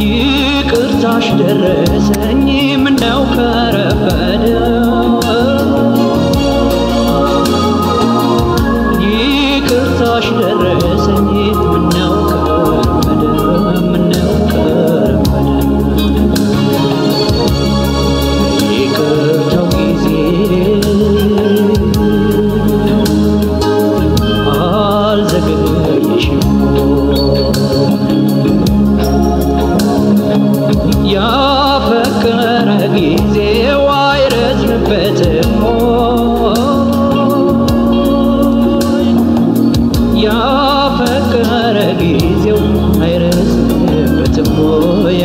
ይቅርታሽ ደረሰኝ ምነው ከረፈደ ይቅርታሽ ደረ ያፈቀረ ጊዜው አይረስበትም ያ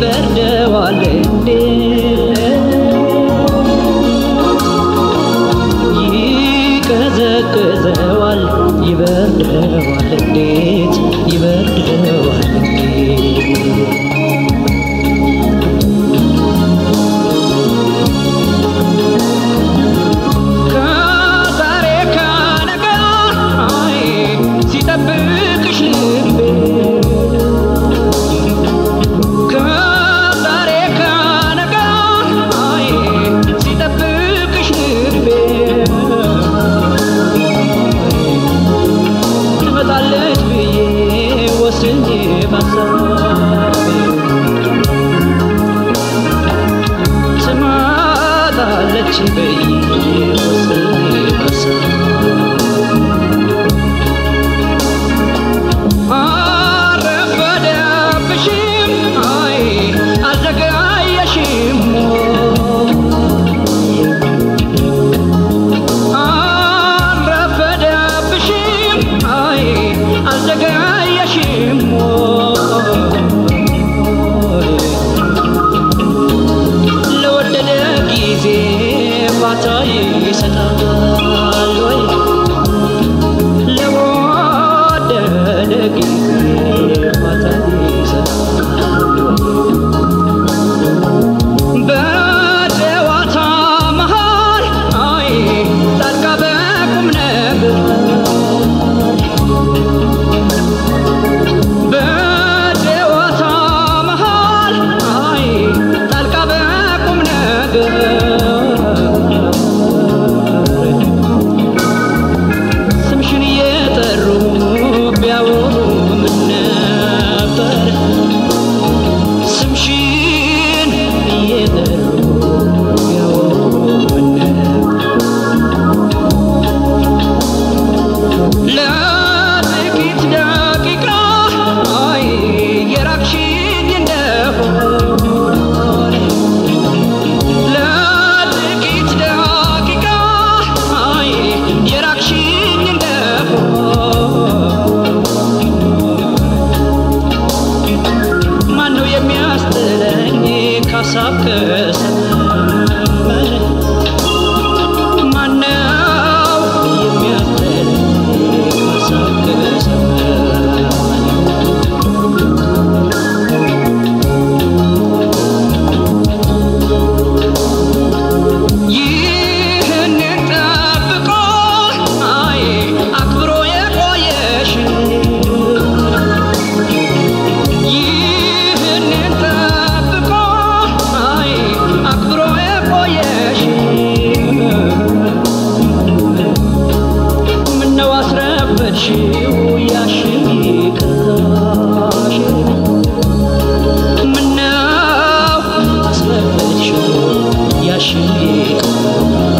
ይበርደዋል እንዴ ይቀዘቅዘዋል ይበርደዋል እንዴት ይበርደዋል suckers. 是多。